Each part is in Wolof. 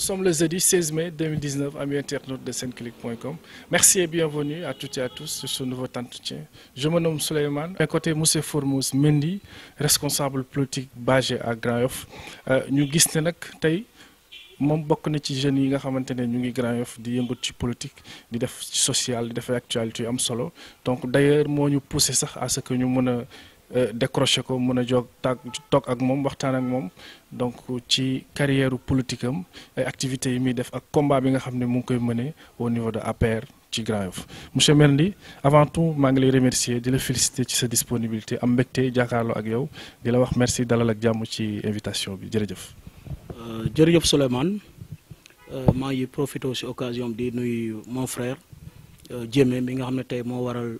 Nous sommes le jeudi 16 mai 2019, amis internautes de Senclic.com. Merci et bienvenue à toutes et à tous sur ce nouveau entretien. Je me nomme Souleymane. À côté, Moussa Formous responsable politique basé à Grand Yoff. Euh, ñu gis ne nag tey moom bokk na ci jeunes yi nga xamante ne ñu ngi Grand Yoff di yëngu ci politique di def ci social di def actualité yu am solo donc d' moo ñu poussé sax à que ñu mën Euh, décroché ko mën a jóg taag toog ak moom waxtaan ak moom donc ci carrière politique am ay activités yi muy def ak combat bi nga xam ne mu ngi koy mëne au niveau de APR ci Grand Yoff monsieur Merndi avant tout maa ngi lay remercier di la féliciter ci sa disponibilité am mbégte jàkkaarloo ak yow di la wax merci dalal ak jàmm ci invitation bi jërëjëf. Euh, jërëjëf Souleymane euh, maa ngi profité ci occasion di nuyu mon frère Diémé bi nga xam ne tey moo waral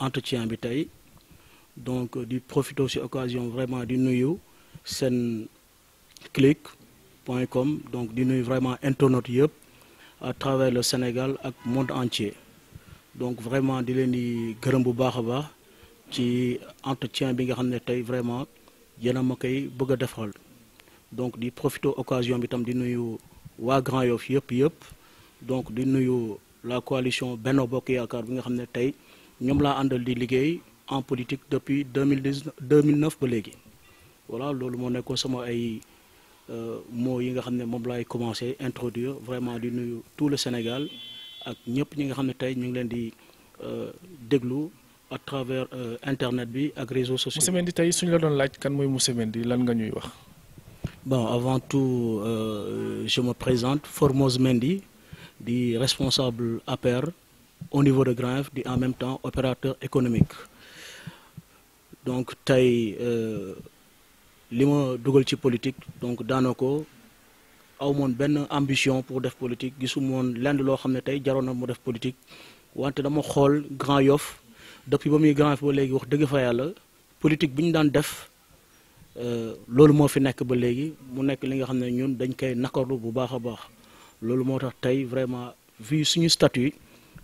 entretien bi tey. donc euh, di profité ci occasion vraiment di nuyu seen clic point com donc di nuyu vraiment internet yëpp à travers le Sénégal ak monde entier donc vraiment di leen di gërëm bu baax a baax ci entretien bi nga xam ne tey vraiment yéen a ma koy bëgg a defal donc di profité occasion bi tam di nuyu waa Grand Yoff yëpp yëpp donc di nuyu la coalition Benno Bokk Yaakaar bi nga xam ne tey ñoom laa àndal di liggéey. en politique depuis deux mille dix deux mille neuf ba léegi voilà loolu moo nekkoon sama ay euh, mots yi nga xam ne moom laay commencé introduire vraiment di nuyu tout le Sénégal ak ñëpp ñi nga xam ne tey ñu ngi leen di euh, déglu à travers euh, internet bi ak réseaux sociaux. Moussa Mendy tey suñu la doon laaj kan mooy Moussa Mendy lan nga ñuy wax. bon avant tout euh, je me présente Formose Mendy di responsable APR au niveau de Grand Yoff di en même temps opérateur économique. donc tey euh, li ma dugal ci politique donc daana aw moon benn ambition pour def politique gisum woon lenn loo xam ne tey jaroon na mu def politique wante dama xool Grand Yoff depuis ba muy Grand Yoff ba léegi wax dëgg fa yàlla politique bi ñu daan def euh, loolu moo fi nekk ba léegi mu nekk li nga xam ne ñun dañ koy nakarlu bu baax a baax loolu moo tax tey vraiment vu suñu statut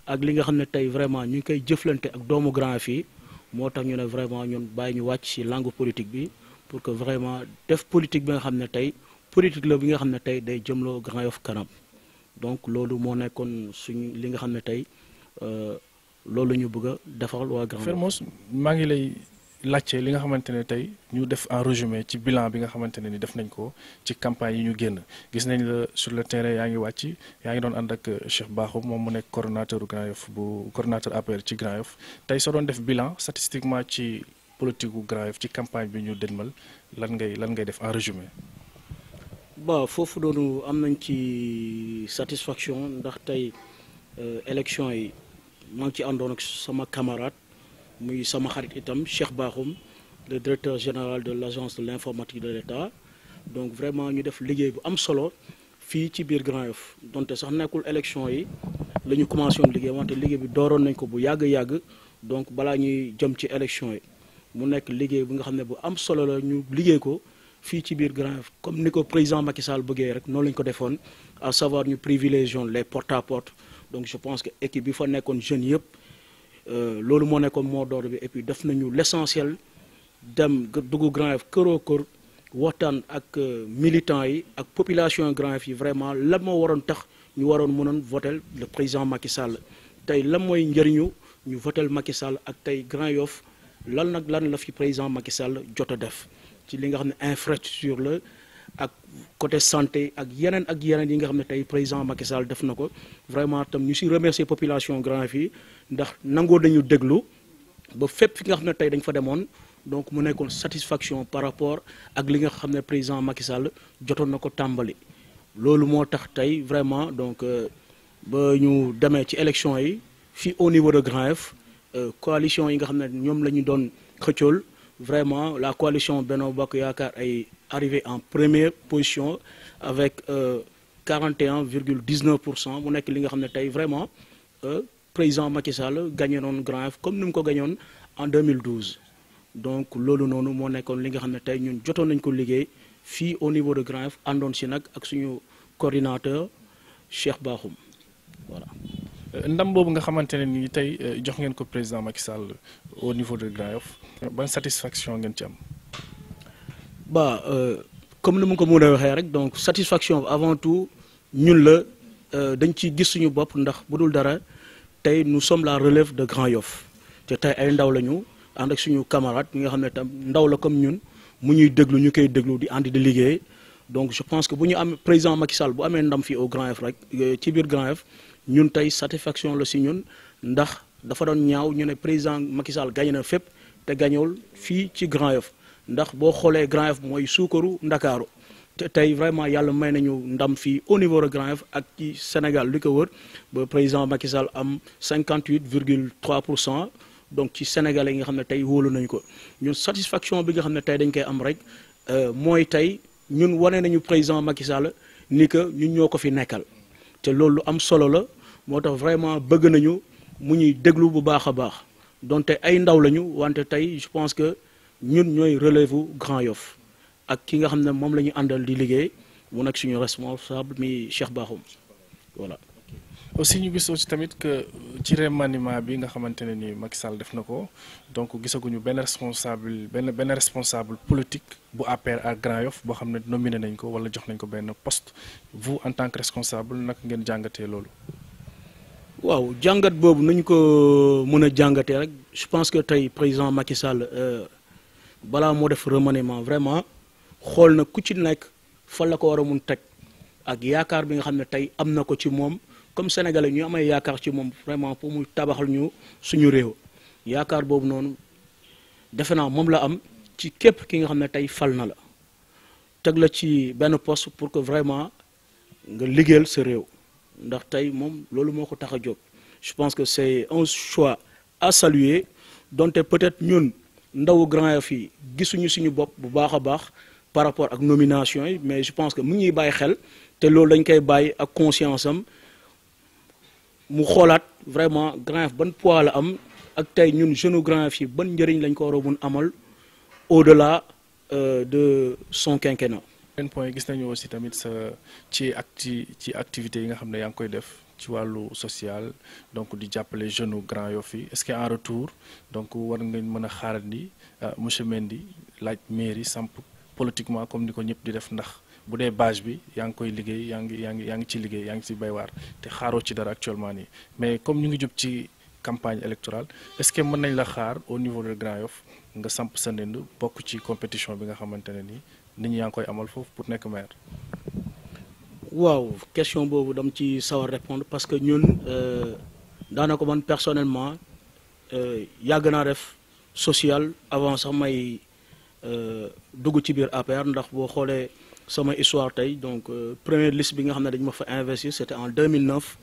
ak li nga xam ne tey vraiment ñu ngi koy jëflante ak doomu Grand Yoff yi moo tax ñu ne vraiment ñun bàyyi ñu wàcc ci langue politique bi pour que vraiment def politique bi nga xam ne tey politique la bi nga xam ne tey day jëmloo Grand Yoff kanam donc loolu moo nekkoon suñu li nga xam ne tey euh, loolu ñu bëgg a defal waa Grand Yoff. Fermos maa ngi lay. laajte li nga xamante ne tey ñu def en résumé ci bilan bi nga xamante ne ni def nañ ko ci campagne yi ñu génn gis nañ la sur le terrain yaa ngi wàcc yaa ngi doon ànd ak Cheikh Bakhoum moom mu nekk coordonnateur Grand Yoff bu coordonnateur APR ci Grand Yoff tey soo doon def bilan statistiquement ci politique gu Grand Yoff ci campagne bi ñu dënmal lan ngay lan ngay def en résumé. ba foofu doonu am nañ ci satisfaction ndax tey euh, élection yi maa ngi ci àndoon ak sama camarade. muy sama xarit itam Cheikh Bakhoum le directeur général de l' agence de l' de l' État donc vraiment ñu def liggéey bu am solo fii ci biir Grand Yoff donte sax nekkul élection yi lañu ñu commencé woon liggéey wante liggéey bi dooroon nañ ko bu yàgg-yàgg donc balaa ñuy jëm ci élection yi mu nekk liggéey bi nga xam ne bu am solo la ñu liggéey ko fii ci biir Grand Yoff comme ni ko président Macky Sall bëggee rek noonu la ñu ko defoon à savoir ñu privilégions les porte à je pense que équipe bi fa nekkoon jeunes yëpp Euh, loolu moo nekkoon moo door bi et puis def nañu l'essentiel dem dugg Grand Yoff këroo kër waxtaan ak euh, militants yi ak population Grand Yoff yi vraiment lan moo waroon tax ñu waroon mënoon votel le président Macky Sall tey lan mooy njëriñu ñu votel Macky Sall ak tey Grand Yoff lan nag lan la fi président Macky Sall jot a def ci li nga xam ne infrastructure la ak côté santé ak yeneen ak yeneen yi nga xam ne tey président Macky Sall def na ko vraiment tam ñu si remercier population Grand yi ndax nangoo dañu déglu ba fépp fi nga xam ne tey dañ fa demoon donc mu nekkoon satisfaction par rapport ak li nga xam ne président Macky Sall jotoon na ko tàmbali. loolu moo tax tey vraiment donc euh, ba ñu demee ci élection yi fii au niveau de Grand F euh, coalition yi nga xam ne ñoom la ñu doon xëccool vraiment la coalition Benno Bokk Yaakaar ay arrivé en première position avec 41 euh, virgule 19 pour cent mu nekk li nga xam ne tey vraiment. président Macky Sall gagné noonu Grand Yoff comme ni mu ko gañoon en 2012 donc loolu noonu moo nekkoon li nga xam ne tey ñun jotoon nañ ko liggéey fii au niveau de Grand Yoff si nag ak suñu coordinateur Cheikh Bakhoum voilà. ndam boobu nga xamante ne nii tey euh, jox ngeen ko président Macky Sall euh, au niveau de Grand Yoff ban satisfaction ngeen ci am. ba euh, ni mu ko mën waxee rek donc satisfaction avant tout ñun la dañ ci gis suñu bopp ndax bu dul dara. tey nous sommes la relève de Grand Yoff te tey ay ndaw la ñu ànd ak suñu camarade ñi nga xam ne tam ndaw la comme ñun mu ñuy déglu ñu koy déglu di àndi di liggéey donc je pense que bu ñu am président Macky Sall bu amee ndam fii au Grand Yoff rek euh, ci biir Grand Yoff ñun tey satisfaction la si ñun ndax dafa doon ñaaw ñu ne président Macky Sall na fépp te gañewul fii ci Grand Yoff ndax boo xoolee Grand Yoff mooy suukaru Ndakaaru tey vraiment yàlla may nañu ndam fii au niveau de Grand Yoff ak ci Sénégal li ko wër ba président Macky Sall am 58 virgule 3 pour cent donc ci Sénégalais yi nga xam ne tey wóolu nañu ko ñun satisfaction bi nga xam ne tey dañ koy am rek euh, mooy tey ñun wane nañu président Macky ni que ñun ñoo ko fi nekkal te loolu lu am solo la moo tax vraiment bëgg nañu mu ñuy déglu bu baax a baax donte ay ndaw lañu wante tey je pense que ñun ñooy relève Grand Yoff ak ki nga xam ne moom la ñu àndal di liggéey mu nag suñu responsable mi Cheikh Bakhoum voilà. aussi ñu gis si tamit que ci remaniement bi nga xamante ne ni Macky Sall def na ko donc gisaguñu benn responsable benn benn responsable politique bu APR ak Grand Yoff boo xam ne nominé nañ ko wala jox nañ ko benn poste vous en tant que responsable naka ngeen jàngatee loolu. waaw jàngat boobu nañu ko mën a jàngatee rek je pense que tey président Macky Sall euh, balaa moo def remaniement vraiment. xool na ku ci nekk fan la ko war a mun teg ak yaakaar bi nga xam ne tey am na ko ci moom comme sénégalais ñu amay yaakaar ci moom vraiment pour muy tabaxal ñu suñu réew yaakaar boobu noonu defe naa moom la am ci képp ki nga xam ne tey fal na la teg la ci benn poste pour que vraiment nga liggéeyal sa réew ndax tey moom loolu moo ko tax a jóg je pense que c'est un choix à saluer donte peut-être ñun ndawu Grand Yoff yi gisuñu suñu bopp bu baax a baax par rapport ak nomination yi mais je pense que mu ngi bàyyi xel te loolu dañ koy bàyyi ak conscience am mu xoolaat vraiment Grand Yoff ban pois la am ak tey ñun jeune Grand Yoff yi ban njëriñ lañ ko war a mun amal au-delà euh, de son quinquennat. na point gis nañu aussi tamit ci acti ci activités yi nga xam ne yaa ngi koy def ci wàllu social donc di jàppale jeune Grand Yoff yi est-ce que en retour donc war nga mën a xaaral ni euh, monsieur Mendy laaj mairie samp. politiquement comme ni ko ñëpp di def ndax bu dee base bi yaa ngi koy liggéey yaa ngi yaa ngi ci liggéey yaa ngi ci bay te xaaroo ci dara actuellement nii mais comme ñu ngi jub ci campagne électorale est-ce que mën nañ la xaar au niveau de Grand Yoff nga samp sa ndënd bokk ci compétition bi nga xamante ne nii nit ñi yaa ngi koy amal foofu pour nekk maire. waaw question boobu dam ci sawar répondre parce que ñun euh, daanaka man personnellement euh, yàgg naa def social avant sax Euh, dugg ci biir APR ndax boo xoolee sama histoire tey donc euh, première liste bi nga xam ne dañ ma fa investir c'était en 2009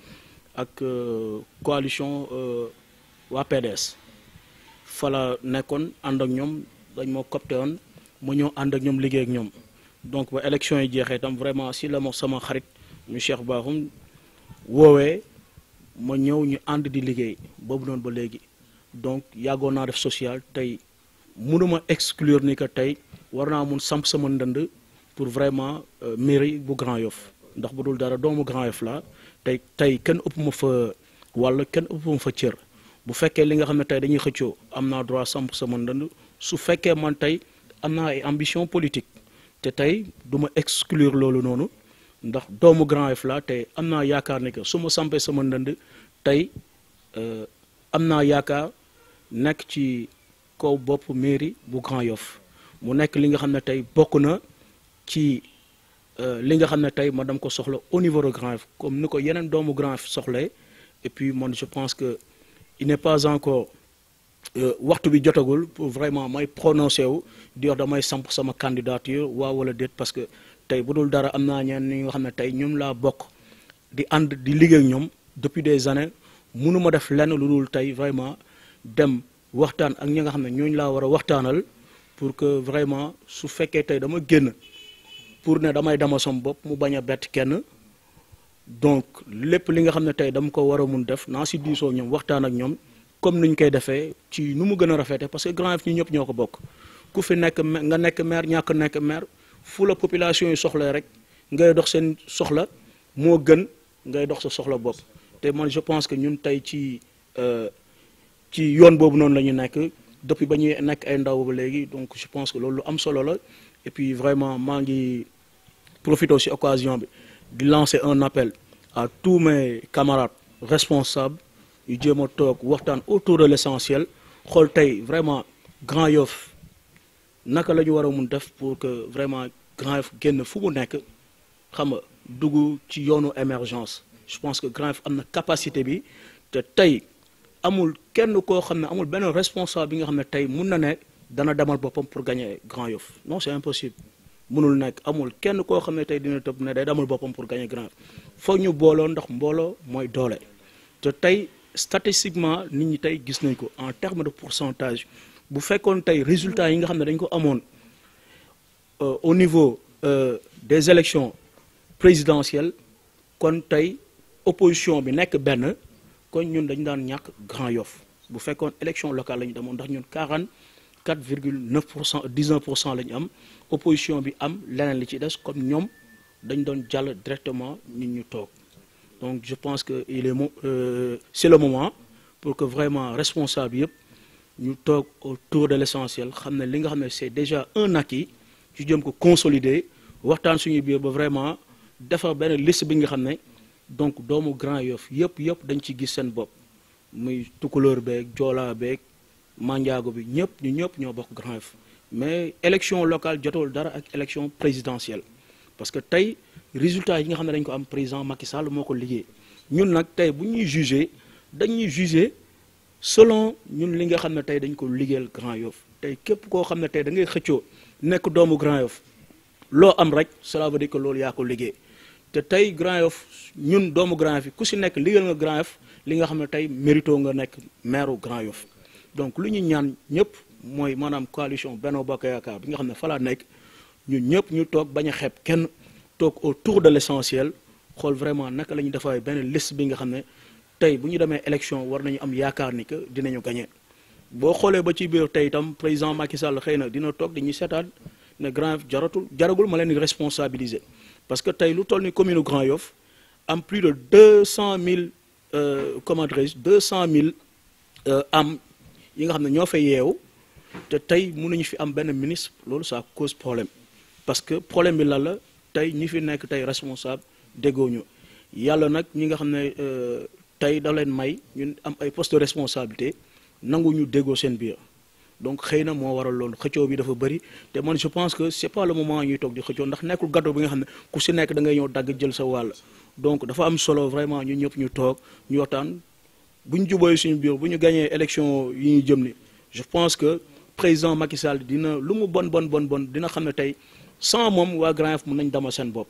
ak euh, coalition waa PDS fa la nekkoon ànd ak ñoom dañ ma copté woon ma ñëw ànd ak ñoom liggéey ak ñoom donc ba élection yi jeexee tam vraiment si la ma sama xarit mu Cheikh Bakhoum woowee ma ñëw ñu ànd di liggéey boobu noonu ba léegi donc yàggoon naa def social tey mënuma exclure ni que tey war naa mun samp sama ndënd pour vraiment euh, mairie bu Grand Yoff ndax bu dul dara doomu Grand Yoff la tey tey kenn ëpp ma fa walla kenn ëpp ma fa cër bu fekkee li nga xam ne tey dañuy xëccoo am naa droit samp sama ndënd su fekkee man tey am naa ay ambition politique te tey du ma exclure loolu noonu ndax doomu Grand Yoff la tey am naa yaakaar ne que su ma sampee sama ndënd tey euh, am naa yaakaar nekk ci. kaw bopp mairie bu Grand Yoff mu nekk li nga xam ne tey bokk na ci euh, li nga xam ne tey ma dem ko soxla au niveau de Grand Yoff comme ni ko yeneen doomu Grand Yoff soxlee et puis man je pense que il n'est pas encore euh, waxtu bi jotagul pour vraiment may prononcé wu di wax damay samp sama candidature waaw wala déet parce que tey bu dul dara am naa ñeen ñi nga xam ne tey ñoom laa bokk di ànd di liggéey ñoom depuis des années mënuma def lenn lu dul tey vraiment dem waxtaan ak ñi nga xam ne ñooñu laa war a waxtaanal pour que vraiment su fekkee tey dama génn pour ne damay dama som bopp mu bañ a bett kenn donc lépp li nga xam ne tey dama ko war a mun def naa si diisoo ñoom waxtaan ak ñoom comme ni ñu koy defee ci nu mu gën a rafetee parce que Grand Yoff ñu ñëpp ñoo ko bokk ku fi nekk nga nekk maire ñàkk nekk maire fu la population yi soxla rek ngay dox seen soxla moo gën ngay dox sa soxla bopp te man je pense que ñun tey ci euh, ci yoon boobu noonu la ñu nekk depuis ba ñuy nekk ay ndaw ba léegi donc je pense que loolu lu am solo la et puis vraiment maa ngi profité aussi occasion bi di lancer un appel à tous mes camarades responsables yu jéem a toog waxtaan autour de l' essentiel xool tey vraiment Grand Yoff naka la ñu war a mun def pour que vraiment Grand Yoff génn fu mu nekk xam nga dugg ci yoonu émergence je pense que Grand Yoff am na capacité bi te tey. amul kenn koo xam ne amul benn responsable bi nga xam ne tey mun na ne dana demal boppam pour gagner Grand Yoff non c'est impossible munul nekk amul kenn koo xam ne tey dina tëb ne day demal boppam pour gagner Grand Yoff foog ñu booloo ndax mbooloo mooy doole te tey statistiquement nit ñi tey gis nañ ko en terme de pourcentage bu fekkoon tey résultat yi nga xam ne dañ ko amoon euh, au niveau euh, des élections présidentielles kon tey opposition bi nekk benn kon ñun dañu daan ñàkk Grand Yoff bu fekkoon élection locale la ñu demoon ndax ñun 44 virgule 9 pour cent 19 pour cent la ñu am opposition bi am leneen li ci des comme ñoom dañu doon jàll directement nit ñu toog donc je pense que il est mo euh, c'est le moment pour que vraiment responsable yëpp ñu toog autour de l'essentiel xam ne li nga xam ne c'est déjà un acquis ci jëm ko consolider waxtaan suñu biir ba vraiment defar benn liste bi nga xam ne donc doomu Grand Yoff yëpp yëpp dañ ci gis seen bopp muy tukulóor beeg joolaa beeg manjaago bi ñëpp ñu ñëpp ñoo bokk Grand Yoff mais élection locale jotool dara ak élection présidentielle parce que tey résultat yi nga xam ne dañ ko am président Macky Sall moo ko liggéey ñun nag tey bu ñuy jugé dañuy jugé selon ñun li nga xam ne tey dañ ko liggéeyal Grand Yoff tey képp koo xam ne tey da ngay xëccoo nekk doomu Grand Yoff loo am rek cela veut dire loolu yaa ko liggéey te tey Grand Yoff ñun doomu Grand Yoff ku si nekk liggéeyal nga Grand Yoff li nga xam ne tey mérito nga nekk maire Grand Yoff donc lu ñu ñaan ñëpp mooy maanaam coalition benn Bokk Yaakaar bi nga xam ne falaa nekk ñu ñëpp ñu toog baña a kenn toog au tour de l'essentiel xool vraiment naka la ñu defaay benn list bi nga xam ne tey bu ñu demee élection war nañu am yaakaar ni que dinañu gagné boo xoolee ba ci biir tey itam président Macky Sall xëy na dina toog dañuy seetaan ne Grand Yoff jaragul ma leen di parce que tey lu toll ni commune Grand Yoff am plus de deux cent mille euh, comment dirais-je deux cent mille euh, am yi nga xam ne ñoo fa yeew te tey mun mënuñu fi am benn ministre loolu ça cause problème parce que problème bi lan la tey ñi fi nekk tey responsable déggoo ñu yàlla nag ñi nga xam ne euh, tey da leen may ñun am ay post de responsabilité nangu ñu déggoo seen biir. donc xëy na moo waral loolu xëccoo bi dafa bëri te man je pense que c'est pas le moment ñuy toog di xëccoo ndax nekkul gàddo bi nga xam ne ku si nekk da ngay ñëw dagg jël sa wàll donc dafa am solo vraiment ñun ñëpp ñu toog ñu waxtaan bu ñu jubooy suñu biir bu ñu gañee élection yi ñu jëm ni je pense que président Macky Sall dina lu mu bon bon bon bon dina xam ne tey sans moom waa Grand Yoff mën nañ dama seen bopp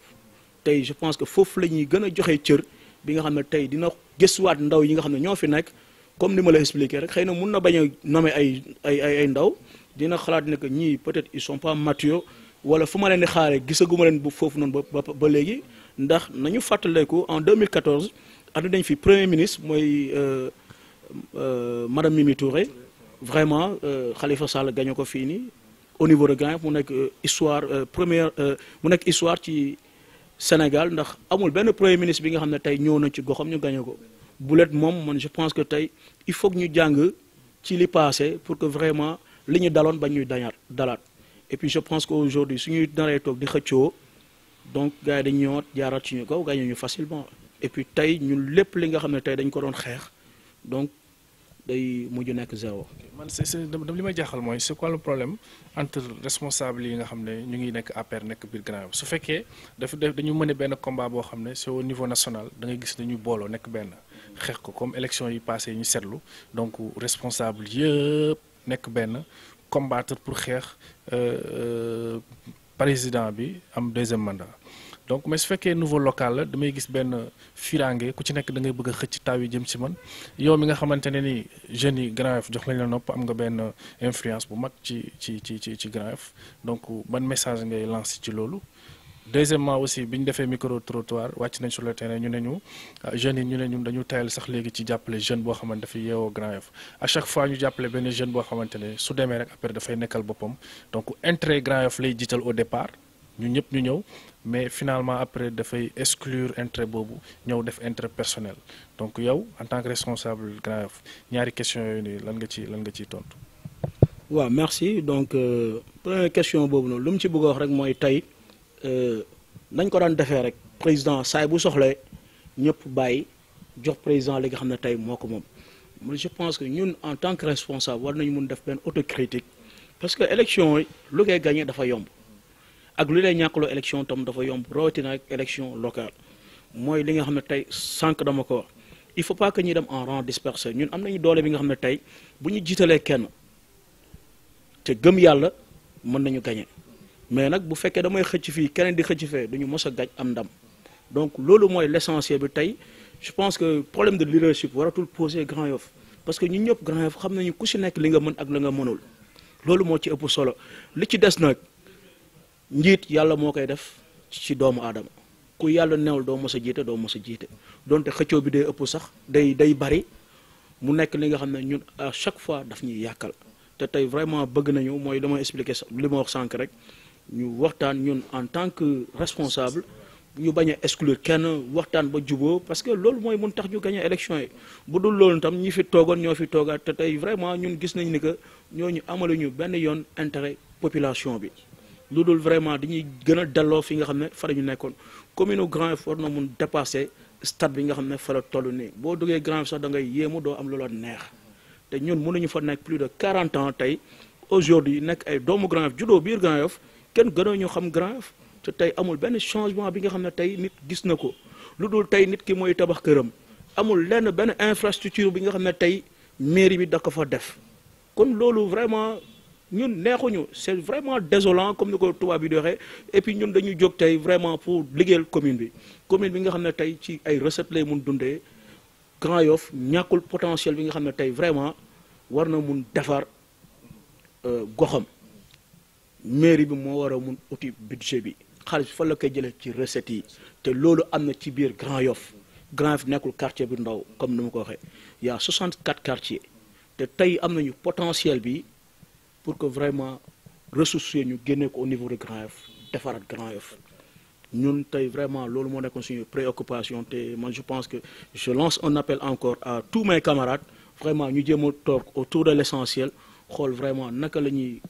tey je pense que foofu la ñuy gën a joxe cër bi nga xam ne tey dina gëstuwaat ndaw yi nga xam ne ñoo fi nekk comme ni ma la expliqué rek xëy na mun na bañ a nommer ay ay ay ay ndaw dina xalaat ne que ñii peut-être ils sont pas matures wala fu ma leen di xaaree gisaguma leen bu foofu noonu ba ba léegi ndax nañu fàttaleku en 2014 ànd nañ fi premier ministre mooy euh, euh, madame Mimi Touré vraiment xalifa euh, Sall gañe ko fii nii au niveau de Gagny mu nekk histoire première mu nekk histoire ci Sénégal ndax amul benn premier ministre bi nga xam ne tey ñëw na ci goxam ñu gañe ko. Boulet moom man je pense que tey il faut ñu jàng ci li passé pour que vraiment li ñu daloon ba ñuy dañaat dalaat et puis je pense que aujourd'hui suñuy naree toog di xëccoo donc gars yi dañ ñëwaat jaaraat ci ñu kaw gagné ñu facilement et tey ñun lépp li nga xam ne tey dañ ko doon xeex donc day mujj nekk zéro. man c' est li may jaaxal mooy c' est quoi le problème entre responsable yi nga xam ne ñu ngi nekk APR nekk biir Grand Yoff su fekkee dafa dañu mën a benn combat boo xam ne c' niveau national da ngay gis ne ñu booloo nekk benn. xeex ko comme élection yi passé ñu seetlu donc responsable yëpp nekk benn combattre pour xeex euh, euh, président bi am deuxième mandat donc mais su fekkee nouveau local la damay gis benn firange ku ci nekk da ngay bëgg a xëcc taw yi jëm ci man yow mi nga xamante ne ni jeunes yi Grand jox lañ la nopp am nga benn influence bu mag ci ci ci ci Grand Yoff donc ban message ngay lancer ci loolu deuxièmement aussi bi ñu defee micro trottoir wàcc nañ sur ñu ne ñu ah, jeunes yi ñu ne ñun dañu tayal sax léegi ci jàppale jeune boo xamante dafa yeewoo Grand Yoff à chaque fois ñu jàppale benn jeune boo xamante ne su demee rek après dafay nekkal boppam donc intérêt Grand Yoff lay jiital au départ ñu ñëpp ñu ñëw mais finalement après dafay exclure intérêt boobu ñëw def intérêt personnel donc yow en tant que responsable Grand Yoff ñaari question yooyu lan nga ci lan nga ciy tontu. waaw merci donc euh, première question boobu noonu bëgg a rek mooy tey. Euh, nañ ko daan defee rek président saay bu soxlee ñëpp bàyyi jox président li nga xam ne tey moo ko moom moo je pense que ñun en tant que responsable war nañu mun def benn autocritique parce que élection yi lu ngay gagné dafa yomb ak lu lay ñàkkaloo élection tam dafa yomb rawatina ak élection locale mooy li nga xam ne tey sànq dama ko wax il faut pas que ñuy dem en rang dispersé ñun am nañu doole bi nga xam ne tey bu ñu jiitalee kenn te gëm yàlla mën nañu gagné. mais nag bu fekkee damay xëcc fii keneen di xëcc fee duñu mos a gaj am ndam donc loolu mooy l'essentiel bi tey je pense que problème de leadership waratul poser Grand Yoff parce que ñun ñëpp Grand Yoff xam nañu ku si nekk li nga mën ak la nga mënul loolu moo ci ëpp solo li ci des nag njiit yàlla moo koy def ci doomu aadama ku yàlla newul doo mos a jiite doo mos a jiite donte xëccoo bi day ëpp sax day day bari mu nekk li nga xam ne ñun à chaque fois daf ñuy yàkkal te tey vraiment bëgg nañu mooy damay expliquer li ma wax sànq rek ñu waxtaan ñun en tant que responsable ñu bañ a kenn waxtaan ba juboo parce que loolu mooy mun tax ñu gagné élection yi bu dul loolu tam ñi fi toogoon ñoo fi toogaat te tey vraiment ñun gis nañ ni que ñooñu amalu ñu benn yoon intérêt population bi lu dul vraiment dañuy gën a delloo fi nga xam ne fa la ñu nekkoon communo u Grand Yoff war na mun dépasser stade bi nga xam ne fa la toll nii boo duggee Grand Yoff sax da ngay yéemu doo am loola neex te ñun mënuñu fa nekk plus de 40 ans tey aujourd'hui nekk ay doomu Grand Yoff juddoo biir Grand kenn gënoo ñu xam grand te tey amul benn changement bi nga xam ne tey nit gis na ko lu dul tey nit ki mooy tabax këram amul lenn benn infrastructure bi nga xam ne tey mairie bi da ko fa def kon loolu vraiment ñun neexuñu c'est vraiment désolant comme ni ko tubaab bi di waxee et puis ñun dañu jóg tey vraiment pour liggéeyal commune bi commune bi nga xam ne tey ci ay recettes lay mun dundee Grand-Yoff ñàkkul potentiel bi nga xam ne tey vraiment war na mun defar euh, goxam mairie bi moo war a mun uti budget bi xaalis fa la koy jëlee ci recettes yi te loolu am na ci biir Grand Yoff Grand Yoff nekkul quartier bi ndaw comme ni ma ko waxee y' a 64 quartiers te tey am nañu potentiel bi pour que vraiment ressources ñu génnee ko au niveau de Grand Yoff defaraat Grand Yoff ñun tey vraiment loolu moo nekkoon suñu préoccupation te man je pense que je lance un appel encore à tous mes camarades vraiment ñu jéem a toog de l' essentiel xool vraiment naka la ñuy.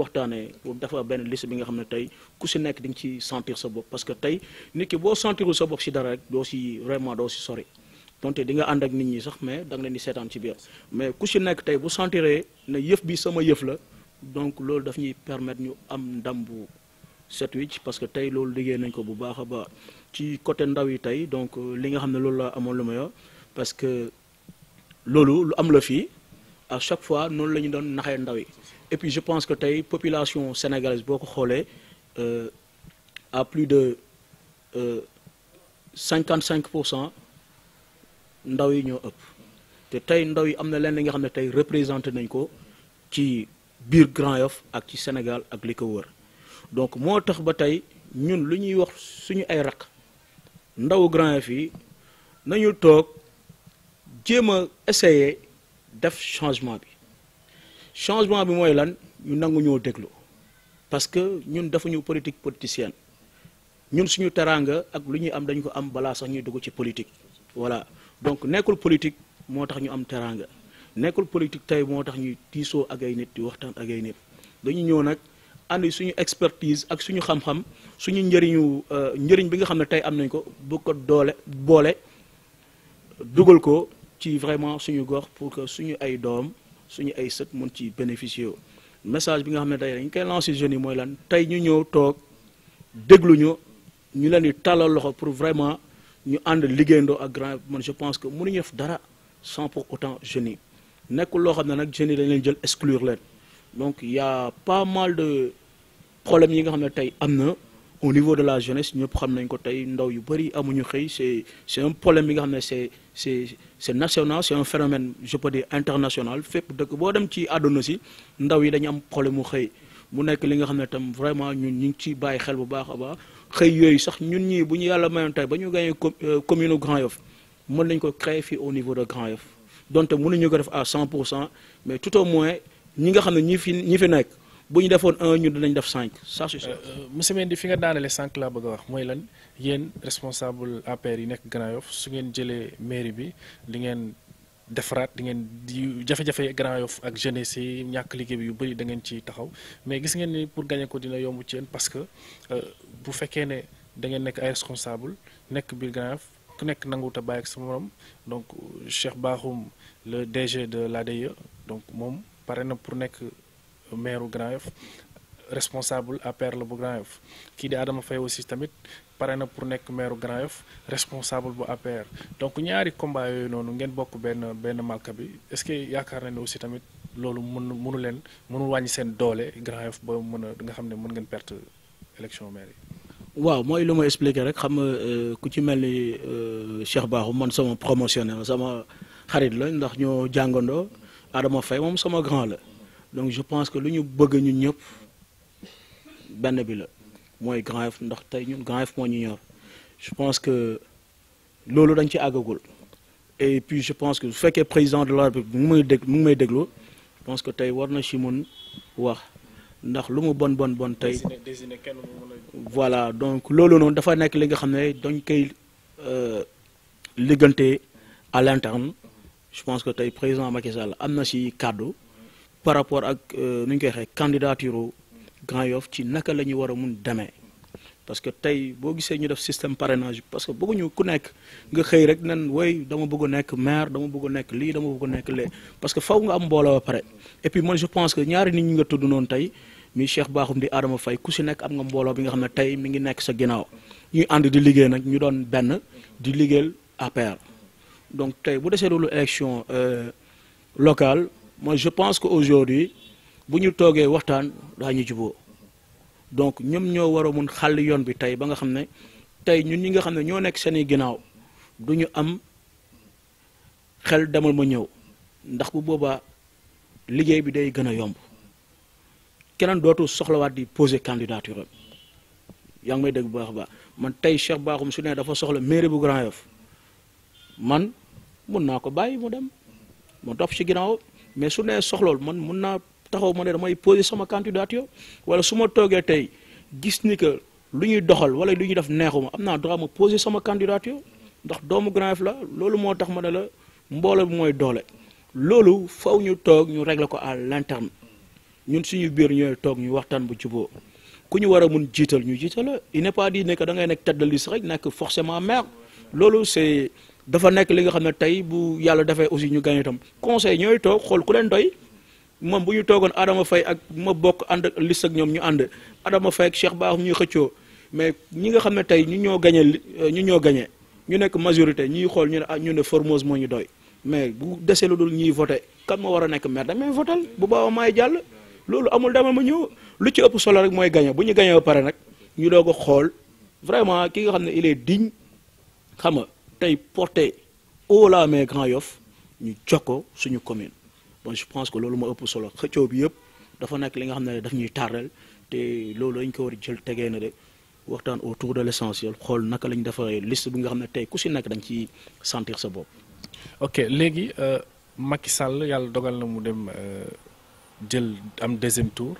waxtaanee dafa benn liste bi nga xam ne tey ku si nekk di nga ci sentir sa bopp parce que tey nit ki boo sentirul sa bopp si dara rek doo si vraiment doo si sori donte di nga ànd ak nit ñi sax mais da nga leen di seetaan ci biir mais ku si nekk tey bu sentiree ne yëf bi sama yëf la donc loolu daf ñuy permettre ñu am ndam bu set wicc parce que tey loolu liggéey nañ ko bu baax a baax ci côté ndaw yi tey donc euh, li nga xam ne loolu la amoon lu ma parce que loolu am la fii à chaque fois noonu la ñu doon naxee ndaw yi et puis je pense que tey population sénégalaise boo ko xoolee euh, à plus de euh, cinquante cinq pour cent ndaw yi ñoo ëpp te tey ndaw yi am na leen li nga xam ne tey représenté nañ ko ci biir Grand Yoff ak ci Sénégal ak li ko wër donc moo tax ba tey ñun lu ñuy wax suñu ay rakk ndawu Grand Yoff yi nañu toog jéem a essayer def changement bi changement bi mooy lan ñu nangu ñoo déglu parce que ñun dafa ñu politique politicienne ñun suñu teraanga ak lu ñuy am dañ ko am balaa sax ñuy dugg ci politique voilà donc nekkul politique moo tax ñu am teraanga nekkul politique tey moo tax ñuy tiisoo ak ay nit di waxtaan ak ay nit dañu ñëw nag ànd suñu expertise ak suñu xam-xam suñu njëriñu euh, njëriñ bi nga xam ne tey am nañ ko bu ko doole boole dugal ko ci vraiment suñu gox pour que suñu ay doom suñu ay sët mun ci bénéficier wu message bi nga xam ne tey dañ koy lancer jeunes yi mooy lan tey ñu ñëw toog déglu ñu ñu leen di tàllal loxo pour vraiment ñu ànd liggéeyandoo ak grand man je pense que mënuñu def dara sans pour autant jeunes yi nekkul loo xam ne nag jeunes yi leen jël exclure leen donc y a pas mal de problèmes yi nga xam ne tey am na au niveau de la jeunesse ñëpp xam nañ ko tey ndaw yu bëri amuñu xëy c'est c'est un problème bi nga xam ne c'est c'est c'est national c'est un phénomène je peux dire international fépp dëkk boo dem ci àdduna si ndaw yi dañu am problème mu xëy mu nekk li nga xam ne tam vraiment ñun ñu ngi ciy bàyyi xel bu baax a ba xëy yooyu sax ñun ñii bu ñu yàlla mayoon tey ba ñu gagné euh, commune Grand Yoff mën nañ ko créer fii au niveau de Grand Yoff donte mënuñu ko def à cent pour cent mais tout au moins ñi nga xam ne ñi fi ñi fi nekk bu ñu defoon un ñun dinañ def cinq ça c'est sûr. Euh, euh, fi nga daanale sànq laa bëgg a wax mooy lan yéen responsable APR yi nekk Grand Yoff su ngeen jëlee mairie bi di ngeen defaraat di ngeen di jafe-jafe Grand Yoff ak jeunesse yi ñàkk liggéey bi yu bëri da ngeen ci taxaw mais gis ngeen ni pour gagner ko dina yomb ci yéen parce que euh, bu fekkee ne da ngeen nekk ay responsable nekk biir Grand Yoff ku nekk nanguwut a bàyyi ak sa morom donc Cheikh Bakhoum le DG de l'ADIE donc moom pare nekk. maire Grand Yoff responsable APR la bu Grand Yoff kii di Adama Faye aussi tamit pare na pour nekk maire Grand Yoff responsable bu APR donc ñaari combat yooyu noonu ngeen bokk benn benn màkk bi est-ce que yaakaar na ne aussi tamit loolu mënu mënu leen mënul wàññi seen doole Grand Yoff ba mën a nga xam ne mën ngeen perte élection maire yi. waaw mooy lu ma expliquer rek xam nga euh, ku ci mel ni euh, Cheikh baaxu man sama promotionnaire sama xarit la ndax ñoo jàngandoo Adama Faye moom sama grand la. donc je pense que lu ñu bëgg ñu ñëpp benn bi la mooy Grand Yoff ndax tey ñun Grand Yoff ñu ñor je pense que loolu dañ ci àggagul et puis je pense que su fekkee président de la République mu ngi may dég mu ngi may déglu je pense que tey war na ci mën wax ndax lu mu bon bon bon tey voilà donc loolu noonu dafa nekk li nga xam ne dañ koy euh, liggante à l'interne je pense que tey président Macky Sall am na si kàddu par rapport ak euh, nu ñu koy waxee candidature Grand Yoff ci naka la ñu war a mun demee parce que tey boo gisee ñu def système parrainage parce que bëgguñu ku nekk nga xëy rek nan woy dama bëgg nekk maire dama bëgg a nekk lii dama bëgg a nekk lee parce que faw nga am mbooloo ba pare et puis man je pense que ñaari nit ñi nga tudd noonu tey mi Cheikh Bakhoum di Adama fay ku si nekk am nga mbooloo bi nga xam ne tey mi ngi nekk sa ginnaaw ñuy ànd di liggéey nag ñu doon benn di liggéeyal APR donc tey bu desee loolu élection euh, locale mooy je pense que aujourd'hui bu ñu toogee waxtaan daañu juboo donc ñoom ñoo war a mun xàll yoon bi tey ba nga xam ne tey ñun ñi nga xam ne ñoo nekk seeni ginnaaw du ñu am xel demal ma ñëw ndax bu boobaa liggéey bi day gën a yomb keneen dootu soxlawaat di poser candidature am yaa ngi may dégg bu baax baax man tey Cheikh baaxum su ne dafa soxla mairie bu Grand Yoff man mun naa ko bàyyi mu dem mu topp ci ginnaaw mais su nee soxlool man mun naa taxaw ma ne damay poser sama candidature wala su ma toogee tey gis ni que lu ñuy doxal wala lu ñuy def neexuma am naa droit ma poser sama candidature ndax doomu Grand Yoff la loolu moo tax ma ne la mbooloo bi mooy doole loolu faw ñu toog ñu régler ko à l'interne ñun suñu biir ñooy toog ñu waxtaan bu juboo ku ñu war a mun jiital ñu jiital il n'est pas dit ne que da ngay nekk tête de liste rek nekk forcément maire loolu c'est dafa nekk li nga xam ne tey bu yàlla defee aussi ñu gagné itam conseil ñooy toog xool ku leen doy moom bu ñu toogoon Adama fay ak ma bokk ànd liste ak ñoom ñu ànd Adama Faye ak Cheikh Ba ñuy xëccoo mais ñi nga xam ne tey ñu ñoo gagné euh, ñu ñoo gagné ñu nekk majorité ñuy xool ñu ne ah ñu ne Formose moo ñu doy mais bu desee lu dul ñuy voté kan moo war a nekk maire damay votal bu boobaa maay jàll loolu amul dama ma ñëw lu ci ëpp solo rek mooy gagné bu ñu gagné ba pare nag ñu doog a xool vraiment ki nga xam ne il est xam nga koy porter haut la main Grand Yoff ñu jox ko suñu commune bon je pense que loolu moo ëpp solo xëccoo bi yëpp dafa nekk li nga xam ne daf ñuy tàrrel te loolu lañ ko war a jël tegee na de waxtaan autour de l' essentiel xool naka lañ defaree liste bi nga xam ne tey ku si nekk da nga ciy sentir sa bopp. ok léegi euh, Macky Sall yàlla dogal na mu dem euh, jël am deuxième tour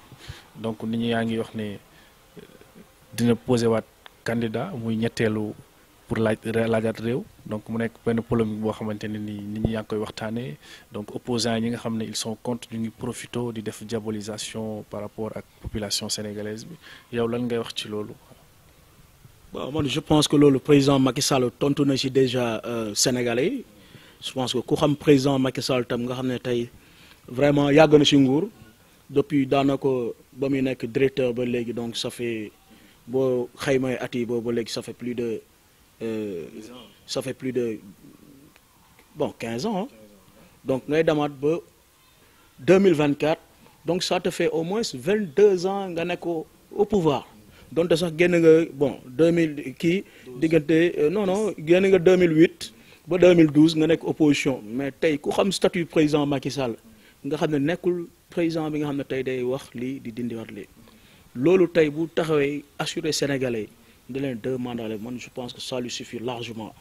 donc nit ñi yaa ngi wax ne euh, dina posé waat candidat muy ñetteelu. pour laaj laajaat réew donc mu nekk benn polémique boo xamante ne ni nit ñi yaa ngi koy waxtaanee donc opposants yi nga xam ne ils sont contre ñu ngi profito di def diabolisation par rapport ak population sénégalaise bi yow lan ngay wax ci loolu. bon man je pense que loolu président Macky Sall tontu na ci déjà euh, sénégalais yi je pense que ku xam président Macky Sall tam nga xam ne tey vraiment yàgg na ci nguur depuis daanaka ba muy nekk directeur ba léegi donc ça fait boo xaymay at yi boobu léegi ça fait euh, ça fait plus de bon 15 ans donc ngay demaat ba 2024 donc ça te fait au moins 22 ans nga nekk au, au pouvoir donte sax génn nga bon 2000 kii diggante euh, non non génn nga 2008 ba 2012 nga nekk opposition mais tey ku xam statut président Macky Sall nga xam ne nekkul président bi nga xam ne tey day wax lii di dindiwaat lii loolu tey bu taxawee assurer sénégalais da leen deux mandats la man je pense que ça lui suffit largement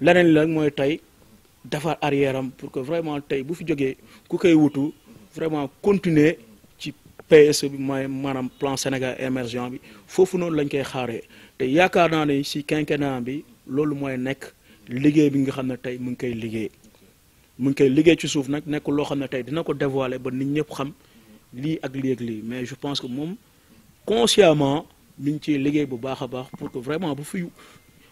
leneen la mooy tey defar arrière am pour que vraiment tey bu fi jógee ku koy wutu vraiment continuer ci PSE bi mooy maanaam plan Sénégal émergent bi foofu noonu lañ koy xaaree te yaakaar naa ne si quinquennat bi loolu mooy nekk liggéey bi nga xam ne tey mu ngi koy liggéey mu ngi koy liggéey ci suuf nag nekk loo xam ne tey dina ko dévoiler ba nit ñëpp xam lii ak lii ak lii mais je pense que moom consciemment mi ngi ciy liggéey bu baax a baax pour que vraiment bu fi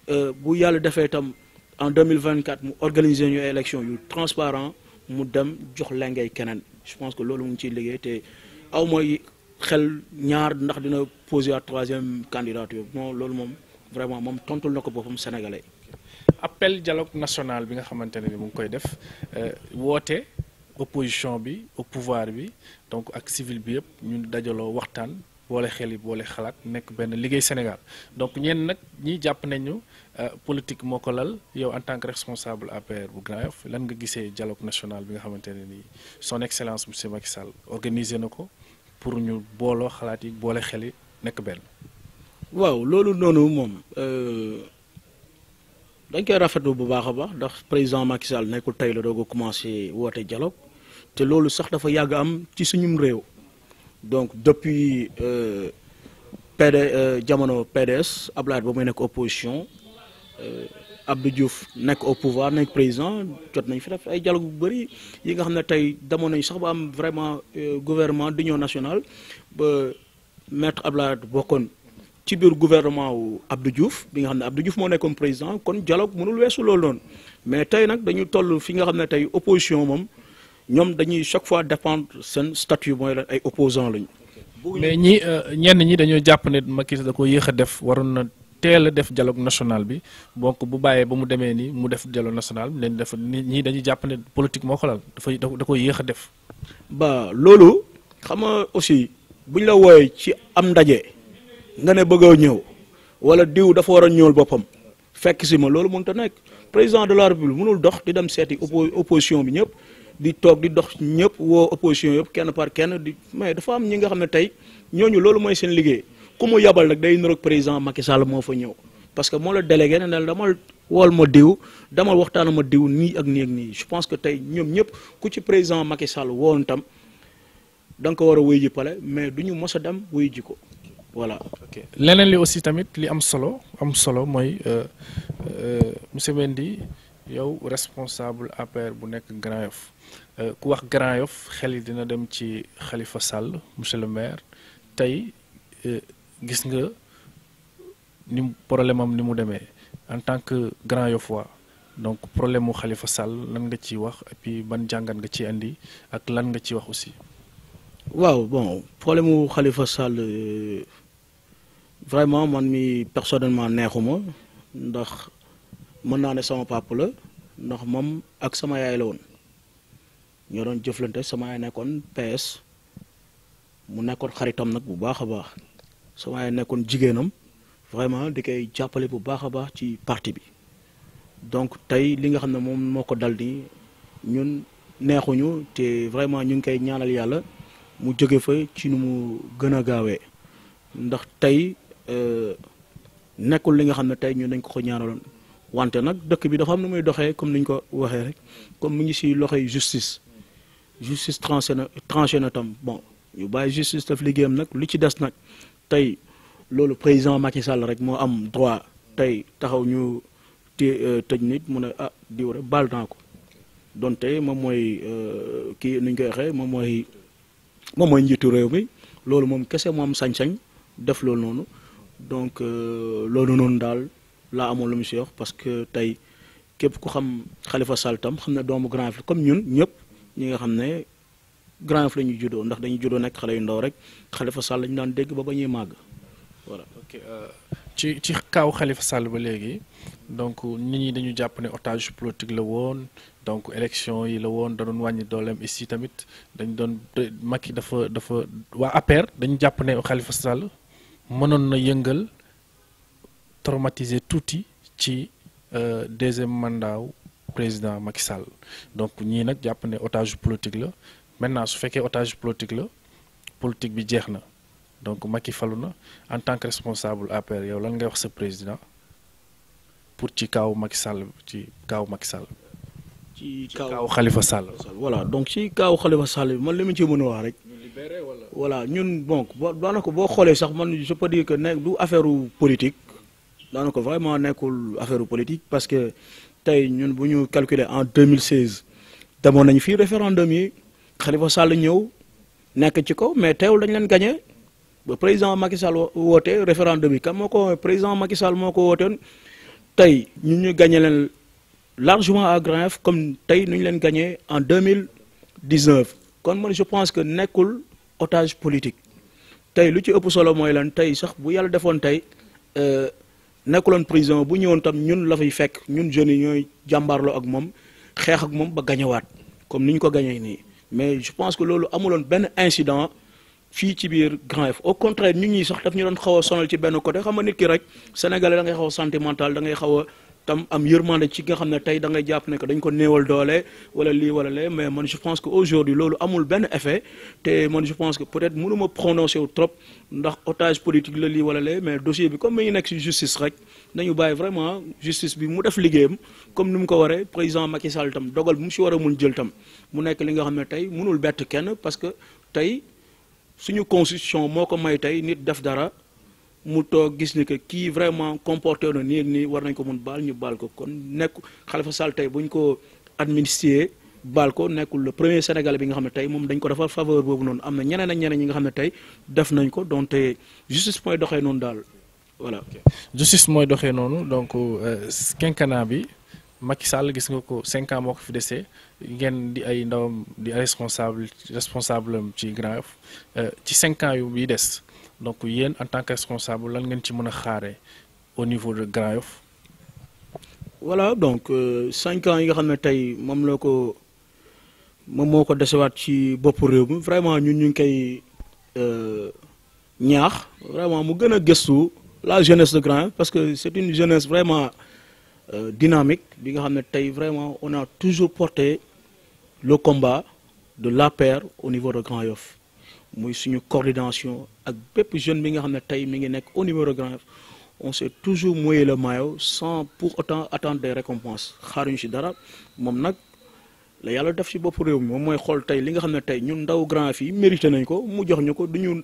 euh, bu yàlla defee tam en 2024 mu organiser ñu élection yu transparent mu dem jox lengay keneen je pense que loolu mu ngi ciy liggéey te aw xel ñaar ndax dina poser à troisième candidature non loolu moom vraiment moom tontul na ko boppam sénégalais. appel dialogue nationale bi nga xamante ne bi mu ngi koy def euh, woote opposition bi au bi donc ak civil bi yëpp ñu dajaloo waxtaan. boole xel yi boole xalaat nekk benn liggéey Sénégal donc ñeen nag ñi jàpp nañu euh, politique moo ko lal yow en tant que responsable APR bu Grand Yoff lan nga gisee dialogue national bi nga xamante ne nii son excellence monsieur Macky Sall organisé na ko pour ñu booloo xalaat yi boole xel yi nekk benn. waaw loolu noonu moom euh, dañ koy rafetlu bu baax a baax ndax président Macky Sall nekkul tey la doog a commencé woote dialogue te loolu sax dafa yàgg am ci suñu réew. donc depuis euh, PD euh, jamono PDS Abdoulaye ba muy nekk opposition euh, Abdou Diouf nekk au pouvoir nekk président jot nañ fi def ay dialogue bu bëri yi nga xam ne tey damoon nañ sax ba am vraiment gouvernement d'union nationale ba maître Abdoulaye bokkoon ci biir gouvernement wu Abdou Diouf bi nga xam ne Abdou Diouf moo nekkoon président kon dialogue mënul weesu loolu noonu mais tey nag dañu toll fi nga xam ne tey opposition moom. ñoom dañuy chaque fois dépendre seen statut mooy lan ay opposants lañu. mais ñi euh, ñenn ñi dañoo jàpp ne Macky da ko yéex a def waroon na teel a def dialogue national bi donc bu bàyyee ba mu demee nii mu def dialogue national bi leen def ñi dañuy jàpp ne politique moo ko lal dafay da ko yéex a def. ba loolu xam nga aussi buñ la wooyee ci am ndaje nga ne bëgg ñëw wala diw dafa war a ñëwul boppam fekk si ma loolu mënut a nekk président de la république mënul dox di dem seeti opposition bi ñëpp. di toog di dox ñëpp woo opposition yëpp kenn par kenn di mais dafa am ñi nga xam ne tey ñooñu loolu mooy seen liggéey ku mu yabal nag day niroog président Macky Sall moo fa ñëw parce que moo la délégué ne dama wool ma diw dama waxtaan ma diw nii ak nii ak nii je pense que tey ñoom ñëpp ku ci président Macky Sall woon tam da nga ko war a wuy ji pale mais du ñu mos a dem wuy ji ko voilà. leneen li aussi tamit li am solo am solo mooy euh, euh, monsieur Mendy yow responsable APR bu nekk Grand Euh, ku wax Grand Yoff xel yi dina dem ci Khalifa Sall monsieur le maire tey euh, gis nga ni problème am ni mu demee en tant que Grand Yoffois donc problème mu Khalifa Sall lan nga ciy wax et ban jàngat nga ci indi ak lan nga ci wax aussi. waaw bon problème mu Khalifa Sall euh, vraiment man mi personnellement neexuma ndax mën naa ne sama papa la ndax moom ak sama yaay la woon. ñoo doon jëflante sama yaay nekkoon PS mu nekkoon xaritam nag bu baax a baax sama nekkoon jigéenam vraiment di koy jàppale bu baax a baax ci parti bi donc tey li nga xam ne moom moo ko dal ni ñun neexuñu te vraiment ñu ngi koy ñaanal yàlla mu jóge fa ci nu mu gën a gaawee ndax tey euh, nekkul li nga xam ne tey ñun dañ ko ko ñaanaloon wante nag dëkk bi dafa am na muy doxee comme ni ñu ko waxee rek comme mu ngi si loxoy justice justice tranché na tranché na tam bon yu bàyyi justice daf liggéeyam nag lu ci des nag tey loolu président Macky Sall rek moo am droit tey taxaw ñu té euh, tëj nit mu ne ah diw rek baal naa ko donte moom mooy euh, kii nuñ koy waxee moom mooy moom mooy njiitu réew mi loolu moom kese moo am sañ-sañ def loolu noonu donc euh, loolu noonu daal laa amoon lu mu si wax parce que tey képp ku xam Khalifa Sall tam xam ne doomu grand comme ñun ñëpp. ñi nga xam ne Grand Yoff la ñuy juddoo ndax dañuy juddoo nekk xale yu ndaw rek Khalifa Sall lañu ñu daan dégg ba ba ñuy màgg voilà. ok euh, ci ci kaw xalifa Sall ba léegi donc nit ñi dañu jàpp ne otage politique la woon donc élection yi la woon da doon wàññi dooleem ici tamit dañ doon Macky dafa dafa waa APR dañ jàpp ne xalifa Sall mënoon na yëngal traumatiser tuuti ci euh, deuxième mandat président Macky Sall donc ñii nag jàpp ne otage politique la maintenant su fekkee otage politique la politique bi jeex na donc Macky falu na en tant que responsable APR yow lan ngay wax sa président pour ci kaaw Macky Sall ci kaaw Macky Sall. ci kaaw Khalifa Sall. voilà donc ci kaaw Khalifa Sall man li ma ci mën a wax rek. voilà ñun bon daanaka boo xoolee sax man je peux dire que nekk du affaire politique daanaka vraiment nekkul affaire politique parce que. tey ñun bu ñu calculer en 2016 demoon nañ fii référendum yi Khalifa Sall ñëw nekk ci ko mais teewul dañ leen gagné ba président Macky Sall woote référendum yi kam moo ko président Macky Sall moo ko wooteen tey ñun ñu gagné leen largement à Grand comme tey nu ñu leen gañee en deux mille 2019 kon man je pense que nekkul otage politique tey lu ci ëpp solo mooy lan tey sax bu yàlla defoon tey euh, nekkuloon prison bu ñëwoon tam ñun la fay fekk ñun jeunes yi ñooy jàmbaarloo ak moom xeex ak moom ba gañewaat comme ni ñu ko gañee nii mais je pense que loolu amuloon benn incident fii ci biir Grand Yoff au contraire ñu ñuy sax daf ñu doon xaw a sonal ci benn côté xam nga nit ki rek sénégalais da ngay xaw a sentimental da ngay xaw a tam am yërmande ci nga xam ne tey da ngay jàpp ne que dañ ko néewal doole wala lii wala lee mais man je pense que aujourd'hui loolu amul benn effet te man je pense que peut-être mënu ma prononcer wu trop ndax otage politique la lii wala lee mais dossier bi comme mi ngi nekk ci justice rek nañu bàyyi vraiment justice bi mu def liggéeyam comme ni mu ko waree président Macky Sall tam dogal bi mu ci war a mun jël tam mu nekk li nga xam ne tey mënul bett kenn parce que tey suñu constitution moo ko may tey nit def dara. mu toog gis ni que kii vraiment comporté na nii nii war nañ ko mun baal ñu baal ko kon nekk Khalifa Sall tey bu ñu ko administré baal ko nekkul le premier Sénégalais bi nga xam ne tey moom dañ ko defal faveur boobu noonu am na ñeneen ak ñeneen ñi nga xam ne tey def nañ ko donte justice mooy doxee noonu daal voilà. justice mooy doxee noonu donc euh, quinquennat bi Macky Sall gis nga ko cinq ans moo ko fi desee ngeen di ay ndawam di responsable responsable am ci grave euh, ci cinquant ans yu bi des. donc yéen en tant que responsable lan ngeen ci mën a xaare au niveau de Grand Yoff voilà donc euh, cinq ans yi nga xam ne tey moom la ko moom moo ko desewaat ci bopp réew mi vraiment ñun ñu ngi koy euh, ñaax vraiment mu gën a gëstu la jeunesse de Grand Yoff parce que c'est une jeunesse vraiment euh, dynamique bi nga xam ne tey vraiment on a toujours porté le combat de la paix au niveau de Grand Yoff muy suñu coordination ak bépp jeune bi nga xam ne tey mi ngi nekk au niveau de Grand on s'est toujours mouillé le maillot sans pour autant attendre des récompenses xaaruñu si dara moom nag la yàlla def ci bopp réew moom mooy xool tey li nga xam ne tey ñun ndaw Grand fii mérité nañ ko mu jox ñu ko duñu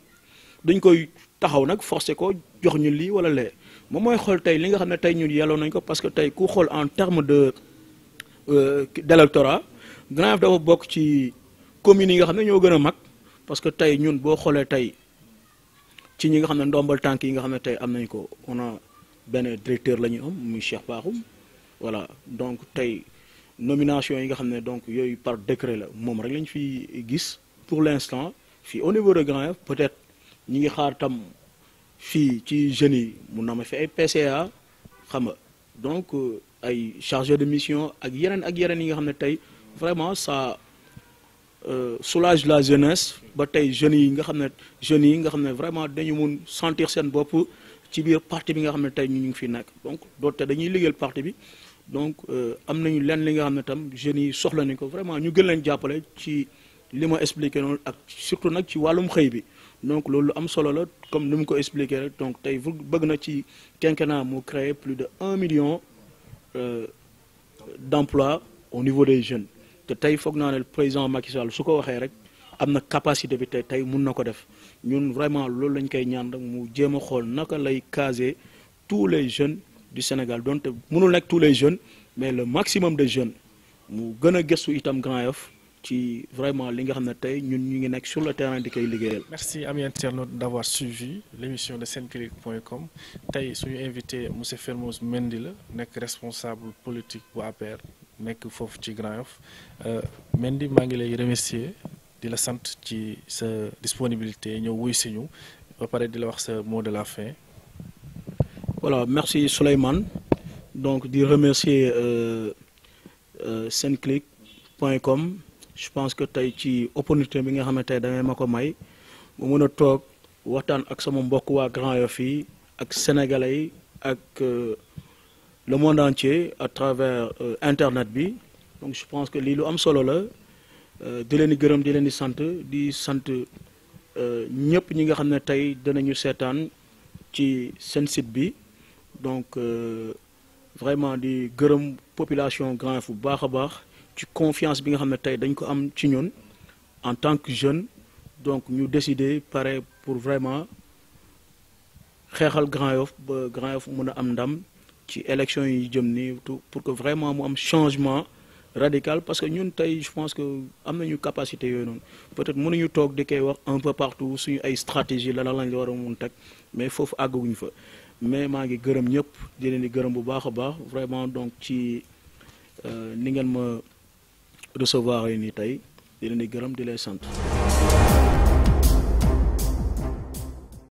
duñ koy taxaw nag forcé ko jox ñu lii wala lee moom mooy xool tey li nga xam ne tey ñun yelloo nañ ko parce que tey ku xool en terme de euh, d'électorat Grand dafa bokk ci communes yi nga xam ne ñoo gën a mag parce que tey ñun boo xoolee tey ci ñi nga xam ne ndombal tànk yi nga xam ne tey am nañ ko on a benn directeur la ñu am muy Cheikh Bakhoum voilà donc tey nomination yi nga xam ne donc yooyu par décret la moom rek lañ fi gis pour l'instant fii au niveau de Grand Yoff peut-être ñi ngi xaar tam fii ci jeunes yi mun na ma fi ay PCA xam nga donc euh, ay chargé de mission ak yeneen ak yeneen yi nga xam ne tey vraiment ça Euh, soulage la jeunesse ba tey jeunes yi nga xam ne jeunes yi nga xam ne vraiment dañu mun sentir seen bopp ci biir partie bi nga xam ne tey ñu ngi fi nekk donc doote dañuy liggéeyal parti bi donc euh, am nañu lenn li nga xam ne tam jeunes yi soxla nañ ko vraiment ñu gën leen jàppale ci li ma expliqué noonu ak surtout nag ci wàllum xëy bi donc loolu lu am solo la comme ni mu ko expliqué rek donc tey bëgg na ci quinquennat mu créer plus de un million euh, d'emplois au niveau des jeunes te tey foog naa ne président Macky su ko waxee rek am na capacité bi tey tey mun na ko def ñun vraiment loolu lañ koy ñaan rek mu jéem a xool naka lay caser tous les jeunes du Sénégal donte mënul nekk tous les jeunes mais le maximum de jeunes mu gën a gëstu itam Grand Yoff ci vraiment li nga xam ne tey ñun ñu ngi nekk sur le terrain di koy liggéeyal. merci amis internautes d'avoir suivi l'émission de senclic.com tey suñu invité monsieur Formose Mendy la nekk responsable politique bu APR. nekk foofu ci Grand Yoff euh, di maa ngi lay remercier di la sant ci sa disponibilité ñëw wuy si ñu ba di la wax sa mot de la fin. voilà merci Souleymane donc di remercier euh, euh, Senclic point comme je pense que tey ci opportunité bi nga xam ne tey da ma ko may mu mën a toog waxtaan ak sama mbokk waa Grand Yoff yi ak sénégalais yi ak. le monde entier à travers euh, internet bi donc je pense que lii lu am solo la euh, di leen di gërëm di leen di sant di sant euh, ñëpp ñi nga xam ne tey danañu seetaan ci seen site bi donc vraiment di gërëm population Grand Yoff bu baax a baax ci confiance bi nga xam ne tey dañ ko am ci ñun en tant que jeune donc ñu décider pare pour vraiment xeexal Grand Yoff ba Grand Yoff mën a am ndam ci élection yi jëm nii pour que vraiment mu am changement radical parce que ñun tey je pense que am nañu capacité yooyu noonu peut-être mënuñu toog di koy wax un peu partout suñu ay stratégie la la lañ la war mun teg mais foofu àggaguñ fa mais maa ngi gërëm ñëpp di leen di gërëm bu baax a baax vraiment donc ci euh, ni ngeen ma recevoir yi nii tey di leen di gërëm di lay sant